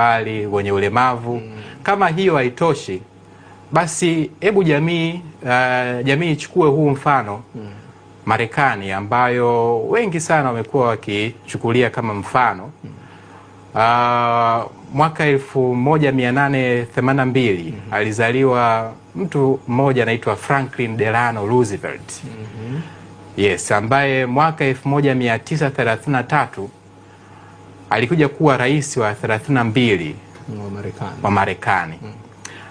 bali wenye ulemavu mm. Kama hiyo haitoshi, basi hebu jamii uh, jamii ichukue huu mfano mm. Marekani ambayo wengi sana wamekuwa wakichukulia kama mfano mm. Uh, mwaka 1882 mm -hmm. Alizaliwa mtu mmoja anaitwa Franklin Delano Roosevelt mm -hmm. Yes, ambaye mwaka 1933 alikuja kuwa rais wa 32 wa Marekani, wa Marekani.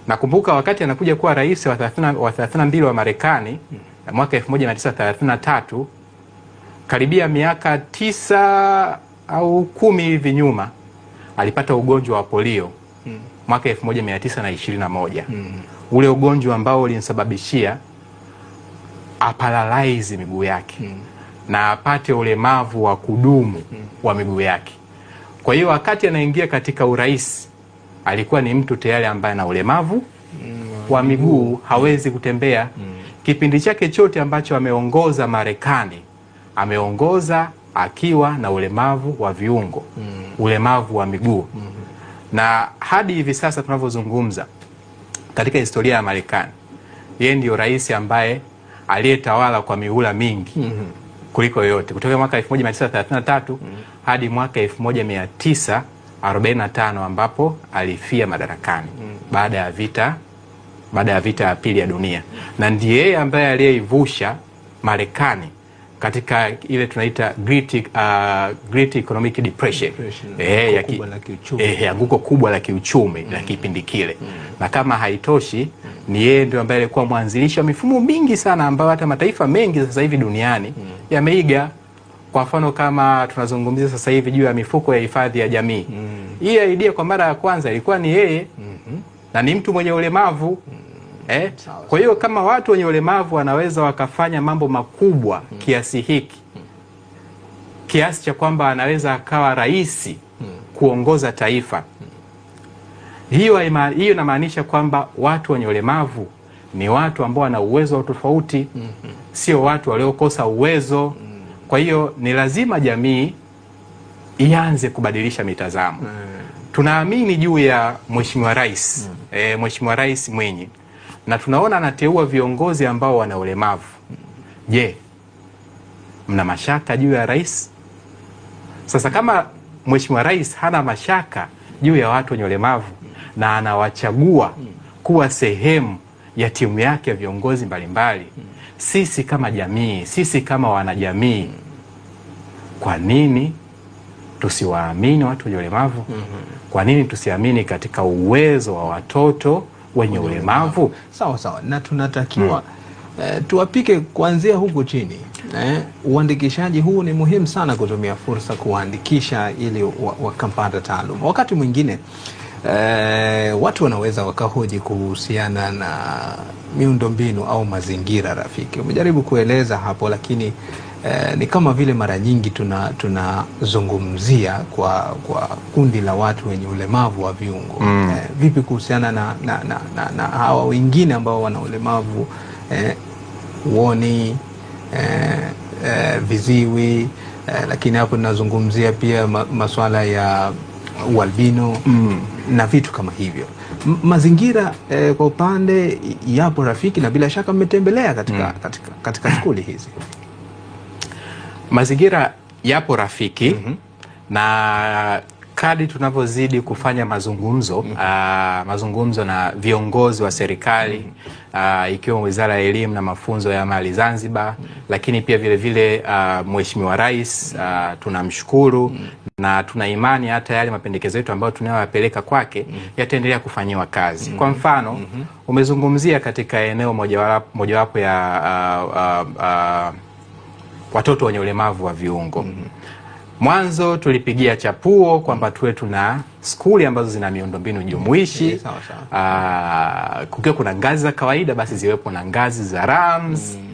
Nakumbuka wakati anakuja kuwa rais wa 30 wa 32 wa Marekani hmm. mwaka 1933 karibia miaka tisa au kumi hivi nyuma alipata ugonjwa wa polio mm. mwaka 1921 mm. ule ugonjwa ambao ulimsababishia apalalize miguu yake mm. na apate ulemavu wa kudumu mm. wa miguu yake kwa hiyo wakati anaingia katika urais alikuwa ni mtu tayari ambaye ana ulemavu mm. wa miguu, mm. hawezi kutembea. Mm. Kipindi chake chote ambacho ameongoza Marekani ameongoza akiwa na ulemavu wa viungo, ulemavu wa miguu, na hadi hivi sasa tunavyozungumza, katika historia ya Marekani yeye ndio rais ambaye aliyetawala kwa mihula mingi kuliko yoyote kutoka mwaka 1933 mm. Mm-hmm. hadi mwaka 1945 ambapo alifia madarakani mm. baada ya vita baada ya vita ya pili ya dunia, na ndiye yeye ambaye aliyeivusha Marekani katika ile tunaita Great, uh, Great Economic Depression, anguko eh, eh, kubwa la kiuchumi la mm-hmm. kipindi kile, na kama haitoshi mm ni yeye ndio ambaye alikuwa mwanzilishi wa mifumo mingi sana ambayo hata mataifa mengi sasa hivi duniani mm. yameiga. Kwa mfano kama tunazungumzia sasa hivi juu ya mifuko ya hifadhi ya jamii mm. hii idea kwa mara ya kwanza ilikuwa ni yeye mm -hmm. na ni mtu mwenye ulemavu mm. eh? Kwa hiyo kama watu wenye ulemavu wanaweza wakafanya mambo makubwa mm. kiasi hiki mm. kiasi cha kwamba anaweza akawa rais mm. kuongoza taifa hiyo hiyo inamaanisha kwamba watu wenye ulemavu ni watu ambao wana uwezo wa tofauti, mm -hmm. sio watu waliokosa uwezo mm -hmm. Kwa hiyo ni lazima jamii ianze kubadilisha mitazamo mm -hmm. Tunaamini juu ya Mheshimiwa Rais mm -hmm. E, Mheshimiwa Rais Mwinyi na tunaona anateua viongozi ambao wana ulemavu. Mm. Je, mna mashaka juu ya rais? Sasa kama Mheshimiwa Rais hana mashaka juu ya watu wenye ulemavu na anawachagua kuwa sehemu ya timu yake ya viongozi mbalimbali mbali. Sisi kama jamii, sisi kama wanajamii, kwa nini tusiwaamini watu wenye ulemavu? Kwa nini tusiamini katika uwezo wa watoto wenye ulemavu? Sawa sawa, na tunatakiwa Uh, tuwapike kuanzia huku chini eh. Uandikishaji huu ni muhimu sana, kutumia fursa kuwaandikisha ili wakampata wa taaluma. Wakati mwingine eh, watu wanaweza wakahoji kuhusiana na miundombinu au mazingira rafiki. Umejaribu kueleza hapo, lakini eh, ni kama vile mara nyingi tunazungumzia tuna kwa kwa kundi la watu wenye ulemavu wa viungo mm. eh, vipi kuhusiana na, na, na, na, na hawa wengine ambao wana ulemavu eh, uoni eh, eh, viziwi eh, lakini hapo tunazungumzia pia ma, masuala ya ualbino mm. na vitu kama hivyo. M mazingira eh, kwa upande yapo rafiki na bila shaka mmetembelea katika, mm. katika, katika skuli hizi. Mazingira yapo rafiki mm -hmm. na kadi tunavyozidi kufanya mazungumzo mm -hmm. uh, mazungumzo na viongozi wa serikali mm -hmm. uh, ikiwemo Wizara ya Elimu na Mafunzo ya Amali Zanzibar mm -hmm. lakini pia vilevile uh, ah, Mheshimiwa Rais uh, tunamshukuru mm -hmm. na tuna imani hata yale mapendekezo yetu ambayo tunayoyapeleka kwake mm -hmm. yataendelea kufanyiwa kazi mm -hmm. kwa mfano mm -hmm. umezungumzia katika eneo mojawapo moja ya uh, uh, uh, watoto wenye ulemavu wa viungo mm -hmm. Mwanzo tulipigia chapuo kwamba tuwe tuna skuli ambazo zina miundombinu jumuishi yeah, eh, kukiwa kuna ngazi za kawaida basi ziwepo na ngazi za RAMS mm.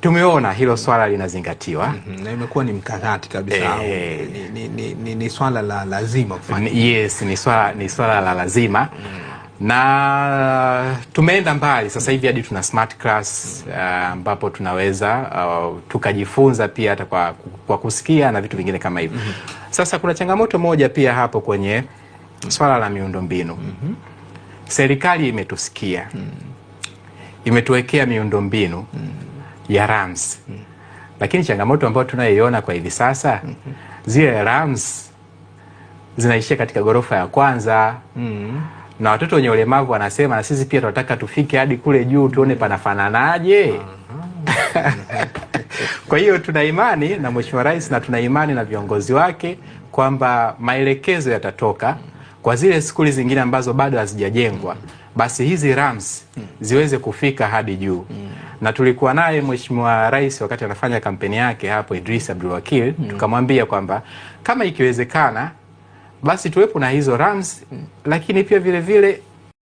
Tumeona hilo swala linazingatiwa mm -hmm. Na imekuwa ni mkakati kabisa eh, au ni, ni, ni, ni, ni swala la lazima kufanya. Yes, ni swala, ni swala la lazima mm na tumeenda mbali sasa hivi hadi tuna smart class eh, ambapo uh, tunaweza uh, tukajifunza pia hata kwa, kwa kusikia na vitu vingine kama hivyo. mm -hmm. Sasa kuna changamoto moja pia hapo kwenye swala la miundombinu. mm -hmm. Serikali imetusikia. mm -hmm. Imetuwekea miundombinu mm -hmm. ya RAMS. mm -hmm. Lakini changamoto ambayo tunayoiona kwa hivi sasa mm -hmm. zile RAMS zinaishia katika ghorofa ya kwanza. mm -hmm na watoto wenye ulemavu wanasema na sisi pia tunataka tufike hadi kule juu tuone panafananaje. Mm-hmm. Kwa hiyo tuna imani na Mheshimiwa Rais na tuna imani na viongozi wake kwamba maelekezo yatatoka kwa zile skuli zingine ambazo bado hazijajengwa, basi hizi rams ziweze kufika hadi juu mm. Na tulikuwa naye Mheshimiwa Rais wakati anafanya kampeni yake hapo Idris Abdulwakil mm. Tukamwambia kwamba kama ikiwezekana basi tuwepo na hizo rams lakini pia vilevile